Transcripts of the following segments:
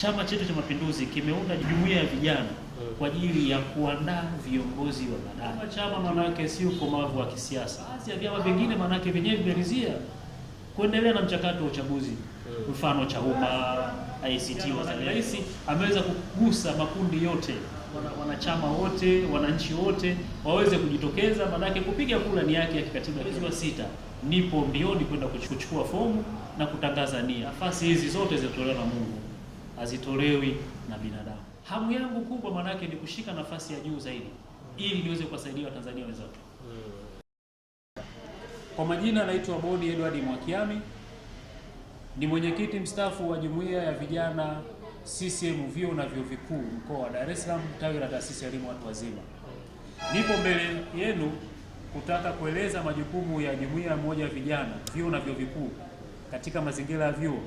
Chama chetu cha Mapinduzi kimeunda jumuiya ya vijana eh. kwa ajili ya kuandaa viongozi wa baadaye. Kama chama manake si ukomavu wa kisiasa. Baadhi ya vyama vingine manake vyenyewe vimelizia kuendelea na mchakato wa uchaguzi, eh. mfano CHAUMMA, ACT Wazalendo. Rais ameweza kugusa makundi yote, wanachama wote, wananchi wote waweze kujitokeza, manake kupiga kura ni yake ya kikatiba. Mwezi wa sita nipo mbioni kwenda kuchukua fomu na kutangaza nia. Nafasi hizi zote zinatolewa na Mungu hazitolewi na binadamu. Hamu yangu kubwa maanake ni kushika nafasi ya juu zaidi ili niweze kuwasaidia Watanzania wenzangu. Kwa majina naitwa Bodi Edward Mwakiami, ni mwenyekiti mstaafu wa jumuiya ya vijana CCM vyuo na vyuo vikuu mkoa wa Dar es Salaam, tawi la taasisi ya elimu watu wazima. Nipo mbele yenu kutaka kueleza majukumu ya jumuiya moja ya vijana vyuo na vyuo vikuu katika mazingira ya vyuo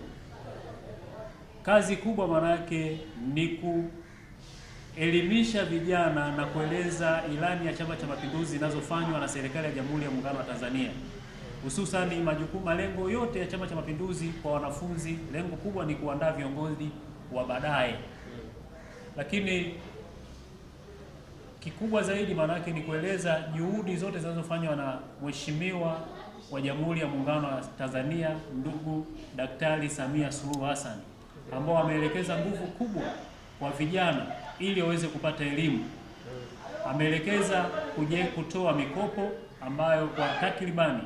Kazi kubwa maana yake ni kuelimisha vijana na kueleza ilani ya Chama cha Mapinduzi inazofanywa na serikali ya Jamhuri ya Muungano wa Tanzania, hususani majukumu, malengo yote ya Chama cha Mapinduzi kwa wanafunzi. Lengo kubwa ni kuandaa viongozi wa baadaye, lakini kikubwa zaidi maana yake ni kueleza juhudi zote zinazofanywa na Mheshimiwa wa Jamhuri ya Muungano wa Tanzania, ndugu Daktari Samia Suluhu Hassan ambao ameelekeza nguvu kubwa kwa vijana ili waweze kupata elimu. Ameelekeza kuje kutoa mikopo ambayo kwa takribani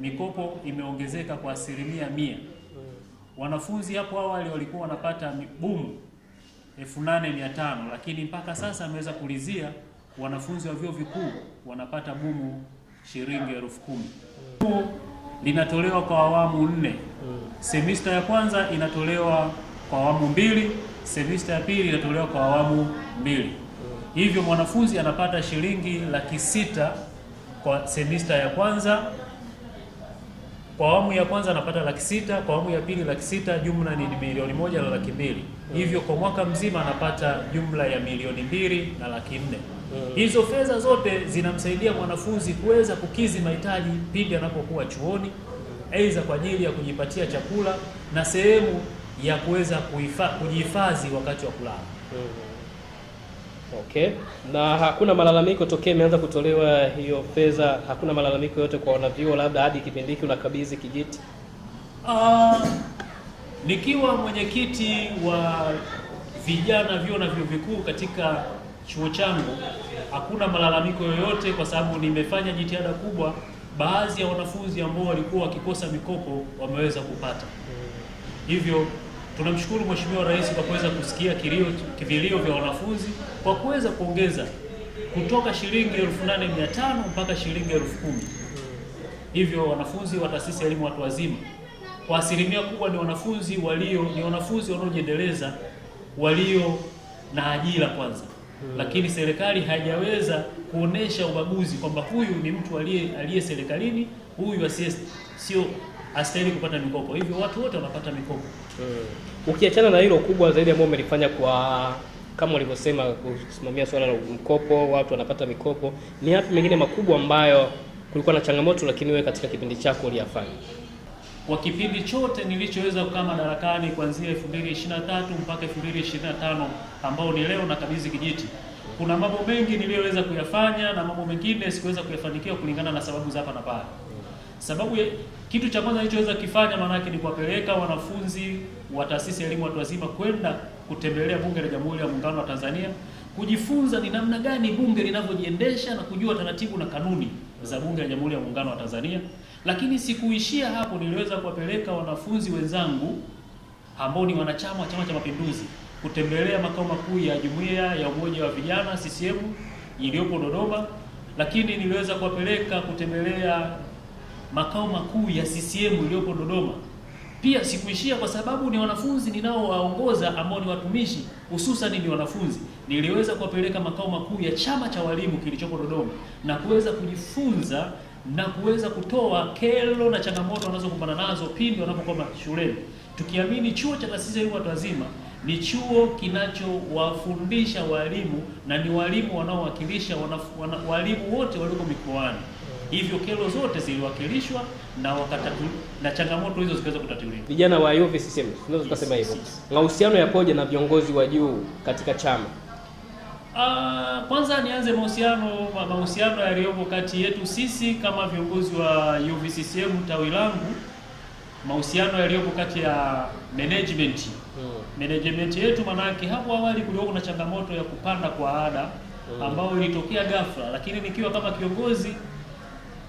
mikopo imeongezeka kwa asilimia mia. Wanafunzi hapo awali walikuwa wanapata bumu tano lakini mpaka sasa ameweza kulizia wanafunzi wa vyuo vikuu wanapata bumu shilingi elfu kumi. Linatolewa kwa awamu nne. Semista ya kwanza inatolewa kwa awamu mbili, semester ya pili inatolewa kwa awamu mbili. Hivyo mwanafunzi anapata shilingi laki sita kwa semester ya kwanza. Kwa awamu ya kwanza anapata laki sita, kwa awamu ya pili laki sita, jumla ni milioni moja na laki mbili. Hivyo kwa mwaka mzima anapata jumla ya milioni mbili na laki nne. Hmm. Hizo fedha zote zinamsaidia mwanafunzi kuweza kukizi mahitaji pindi anapokuwa chuoni, aidha kwa ajili ya kujipatia chakula na sehemu ya kuweza kujihifadhi wakati wa kulala. Mm-hmm. Okay, na hakuna malalamiko tokea imeanza kutolewa hiyo fedha, hakuna malalamiko yote kwa wanavyuo, labda hadi kipindi hiki unakabidhi kijiti? Uh, nikiwa mwenyekiti wa vijana vyuo na vyuo vikuu katika chuo changu, hakuna malalamiko yoyote, kwa sababu nimefanya jitihada kubwa. Baadhi ya wanafunzi ambao walikuwa wakikosa mikopo wameweza kupata, mm-hmm. hivyo Tunamshukuru Mheshimiwa Rais kwa kuweza kusikia kilio kivilio vya wanafunzi kwa kuweza kuongeza kutoka shilingi elfu nane mia tano mpaka shilingi elfu kumi. Hivyo wanafunzi wa taasisi ya elimu watu wazima kwa asilimia kubwa ni wanafunzi walio ni wanafunzi wanaojiendeleza walio na ajira kwanza, hmm. lakini serikali haijaweza kuonesha ubaguzi kwamba huyu ni mtu aliye aliye serikalini, huyu asiye sio astahili kupata mikopo, hivyo watu wote wanapata mikopo mm. Ukiachana na hilo kubwa zaidi ambao umelifanya kwa kama ulivyosema kusimamia swala la mkopo, watu wanapata mikopo, ni yapi mengine makubwa ambayo kulikuwa na changamoto, lakini wewe katika kipindi chako uliyafanya? Kwa kipindi chote nilichoweza kukaa madarakani kuanzia 2023 mpaka 2025 ambao ni leo nakabidhi kijiti, kuna mambo mengi niliyoweza kuyafanya na mambo mengine sikuweza kuyafanikiwa kulingana na sababu za hapa na pale. Sababu kitu cha kwanza nilichoweza kifanya maanake ni kuwapeleka wanafunzi wa taasisi ya elimu watu wazima kwenda kutembelea Bunge la Jamhuri ya Muungano wa Tanzania kujifunza ni namna gani bunge linavyojiendesha na kujua taratibu na kanuni za Bunge la Jamhuri ya Muungano wa Tanzania. Lakini sikuishia hapo, niliweza kuwapeleka wanafunzi wenzangu ambao ni wanachama wa Chama cha Mapinduzi kutembelea makao makuu ya Jumuiya ya Umoja wa Vijana CCM iliyopo Dodoma, lakini niliweza kuwapeleka kutembelea makao makuu ya CCM iliyopo Dodoma. Pia sikuishia kwa sababu ni wanafunzi ninaowaongoza ambao ni watumishi, hususan ni wanafunzi, niliweza kuwapeleka makao makuu ya chama cha walimu kilichopo Dodoma na kuweza kujifunza na kuweza kutoa kero na changamoto wanazokumbana nazo pindi wanapokuwa shuleni, tukiamini chuo cha taasisi ya elimu watu wazima ni chuo kinachowafundisha walimu na ni walimu wanaowakilisha walimu wote walioko mikoani. Hivyo kero zote ziliwakilishwa na wakatatu, na changamoto hizo zikaweza kutatuliwa. Vijana wa Ayove CCM tunaweza tukasema hivyo. Mahusiano yapoje na viongozi wa juu katika chama? Uh, kwanza nianze mahusiano mahusiano yaliyopo kati yetu sisi kama viongozi wa Ayove CCM tawi langu, mahusiano yaliyopo kati ya management hmm. management yetu, maanake hapo awali kulikuwa na changamoto ya kupanda kwa ada hmm. ambayo ilitokea ghafla, lakini nikiwa kama kiongozi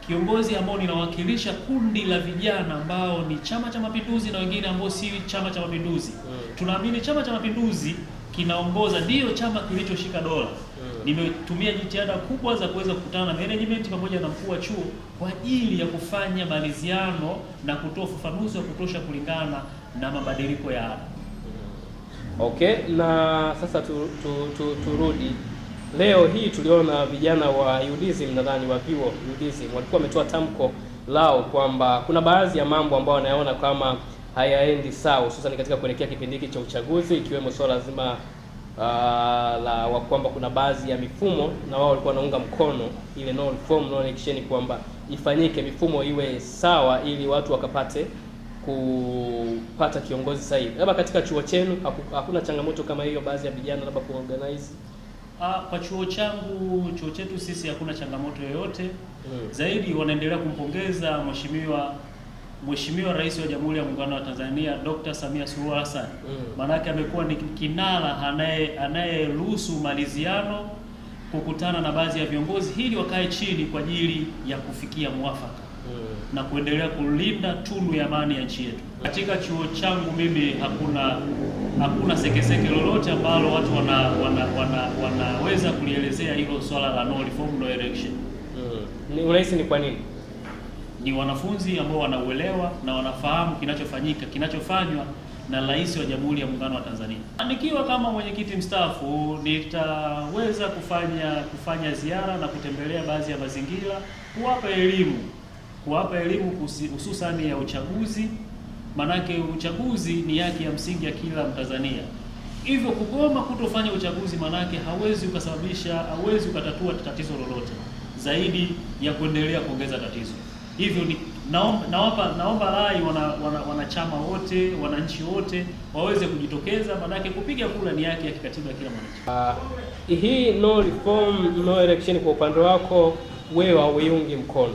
kiongozi ambao ninawakilisha kundi la vijana ambao ni Chama cha Mapinduzi na wengine ambao si Chama cha Mapinduzi mm. Tunaamini Chama cha Mapinduzi kinaongoza, ndiyo chama kilichoshika dola mm. Nimetumia jitihada kubwa za kuweza kukutana na management pamoja na mkuu wa chuo kwa ajili ya kufanya maridhiano na kutoa ufafanuzi wa kutosha kulingana na mabadiliko ya ada. Mm. Okay, na sasa tu, tu, tu, turudi Leo hii tuliona vijana wa UDSM nadhani wa vyuo UDSM walikuwa wametoa tamko lao kwamba kuna baadhi ya mambo ambayo wanayaona kama hayaendi sawa, hususan katika kuelekea kipindi hiki cha uchaguzi, ikiwemo swala zima uh, la wa kwamba kuna baadhi ya mifumo, na wao walikuwa wanaunga mkono ile no reform no election, kwamba ifanyike mifumo iwe sawa ili watu wakapate kupata kiongozi sahihi. Labda katika chuo chenu hakuna changamoto kama hiyo, baadhi ya vijana labda kuorganize Ah, kwa chuo changu, chuo chetu sisi hakuna changamoto yoyote mm. Zaidi wanaendelea kumpongeza mheshimiwa Mheshimiwa Rais wa Jamhuri ya Muungano wa Tanzania Dr. Samia Suluhu Hassan mm. Maanake amekuwa ni kinara anaye anayeruhusu maliziano kukutana na baadhi ya viongozi ili wakae chini kwa ajili ya kufikia mwafaka. Eh, na kuendelea kulinda tunu ya amani ya nchi yetu. Katika chuo changu mimi hakuna hakuna sekeseke lolote ambalo watu wana, wana, wana, wanaweza kulielezea hilo swala la no reform no election. Mm. Unahisi ni kwa nini? Ni wanafunzi ambao wanauelewa na wanafahamu kinachofanyika kinachofanywa na Rais wa Jamhuri ya Muungano wa Tanzania. Nikiwa kama mwenyekiti mstaafu, nitaweza kufanya kufanya ziara na kutembelea baadhi ya mazingira kuwapa elimu kuwapa elimu hususani ya uchaguzi, manake uchaguzi ni haki ya msingi ya kila Mtanzania. Hivyo kugoma kutofanya uchaguzi, manake hawezi ukasababisha, hawezi ukatatua tatizo lolote zaidi ya kuendelea kuongeza tatizo. Hivyo ni naomba naomba, naomba rai wanachama wana, wana wote wananchi wote waweze kujitokeza, manake kupiga kura ni haki ya kikatiba ya kila mwananchi. Uh, hii no reform no election kwa upande wako wewe hauiungi mkono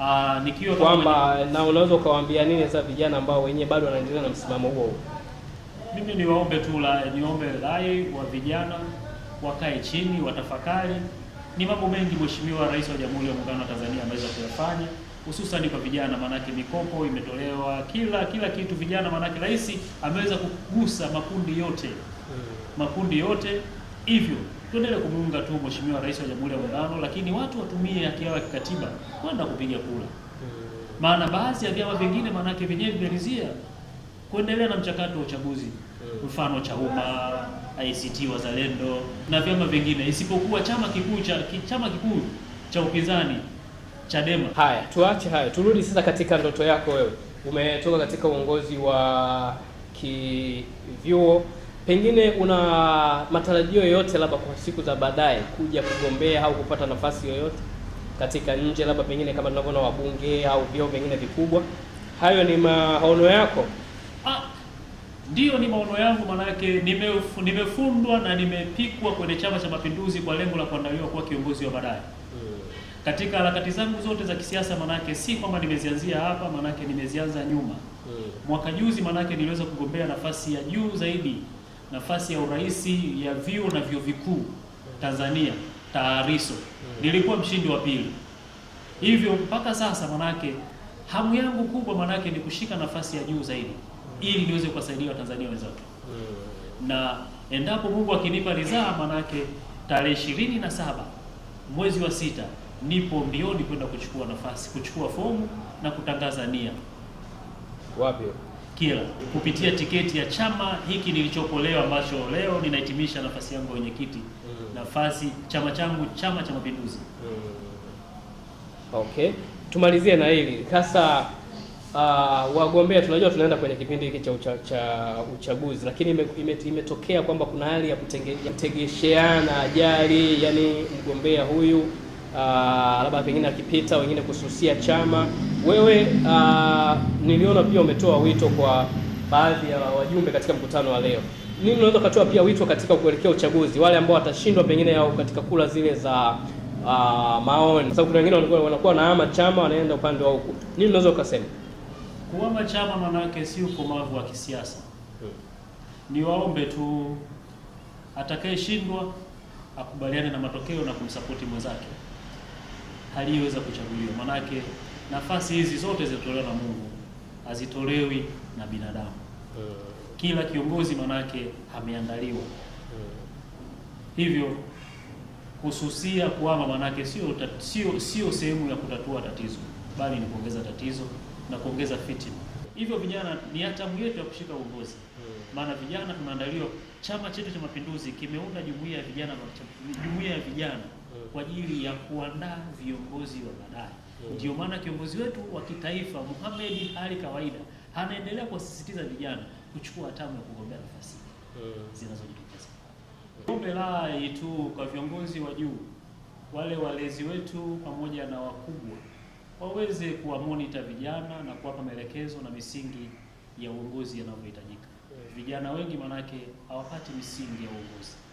Ah, nikiwa kwamba na unaweza ukawaambia nini sasa vijana ambao wenyewe bado wanaendelea na msimamo huo? Mimi niwaombe tu la niombe rai wa vijana wakae chini, watafakari. Ni mambo mengi Mheshimiwa Rais wa Jamhuri ya Muungano wa Tanzania ameweza kuyafanya hususan kwa vijana, maanake mikopo imetolewa, kila kila kitu vijana, maanake rais ameweza kugusa makundi yote, hmm. makundi yote hivyo tuendelee kumuunga tu Mheshimiwa Rais wa Jamhuri ya Muungano, lakini watu watumie haki yao ya kikatiba kwenda kupiga kura, hmm. maana baadhi ya vyama vingine maanake vyenyewe vimeridhia kuendelea na mchakato wa uchaguzi, hmm. mfano CHAUMMA, ACT Wazalendo na vyama vingine, isipokuwa chama kikuu cha chama kikuu cha upinzani Chadema. Haya, tuache hayo, turudi sasa katika ndoto yako wewe. Umetoka katika uongozi wa kivyuo pengine una matarajio yoyote labda kwa siku za baadaye kuja kugombea au kupata nafasi yoyote katika nje, labda pengine kama tunavyoona wabunge au vyeo vingine vikubwa? Hayo ni maono yako? Ah, ndiyo ni maono yangu, manake nimefundwa na nimepikwa kwenye Chama cha Mapinduzi kwa lengo la kuandaliwa kuwa kiongozi wa baadaye hmm. Katika harakati zangu zote za kisiasa, manake si kwamba nimezianzia hapa, manake nimezianza nyuma hmm. Mwaka juzi, manake niliweza kugombea nafasi ya juu zaidi nafasi ya urais ya vyuo na vyuo vikuu Tanzania taariso, nilikuwa mshindi wa pili. Hivyo mpaka sasa, manake hamu yangu kubwa manake ni kushika nafasi ya juu zaidi, ili niweze kuwasaidia Watanzania wenzangu, na endapo Mungu akinipa ridhaa, manake tarehe ishirini na saba mwezi wa sita nipo mbioni kwenda kuchukua nafasi, kuchukua fomu na kutangaza nia wapi kila kupitia tiketi ya chama hiki nilichopo leo ambacho leo ninahitimisha nafasi yangu ya wenyekiti mm. nafasi chama changu Chama cha Mapinduzi mm. Okay, tumalizie na hili sasa. Uh, wagombea tunajua tunaenda kwenye kipindi hiki cha, ucha, cha uchaguzi, lakini imetokea ime kwamba kuna hali ya kutegesheana ajali, yani mgombea huyu uh, labda pengine akipita wengine kususia chama wewe uh, niliona pia umetoa wito kwa baadhi ya wajumbe katika mkutano wa leo. Nini unaweza ukatoa pia wito katika kuelekea uchaguzi, wale ambao watashindwa pengine yao katika kula zile za uh, maoni, sababu kuna wengine wanakuwa wanakuwa na ama chama wanaenda upande wa huku. Nini unaweza ukasema? Kuhama chama maana yake si ukomavu wa kisiasa. Hmm. Ni waombe tu atakayeshindwa akubaliane na matokeo na kumsapoti mwenzake aliyeweza kuchaguliwa. Manake nafasi hizi zote zinatolewa na Mungu, hazitolewi na binadamu. Eh. Kila kiongozi manake ameandaliwa. Eh. Hivyo kususia kuhama manake sio sio sio sehemu ya kutatua tatizo, bali ni kuongeza tatizo na kuongeza fitina. Hivyo vijana ni hatamu yetu ya kushika uongozi, eh. maana vijana tunaandaliwa. Chama chetu cha Mapinduzi kimeunda jumuiya ya vijana, jumuiya ya vijana kwa ajili ya kuandaa viongozi wa baadaye. Mm. Ndio maana kiongozi wetu wa kitaifa Mohamed Ali Kawaida anaendelea kuwasisitiza vijana kuchukua hatamu ya kugombea nafasi mm. zinazojitokeza. Ombi la tu kwa viongozi wa juu, wale walezi wetu pamoja na wakubwa, waweze kuwamonita vijana na kuwapa maelekezo na misingi ya uongozi yanavyohitajika. Mm. Vijana wengi manake hawapati misingi ya uongozi.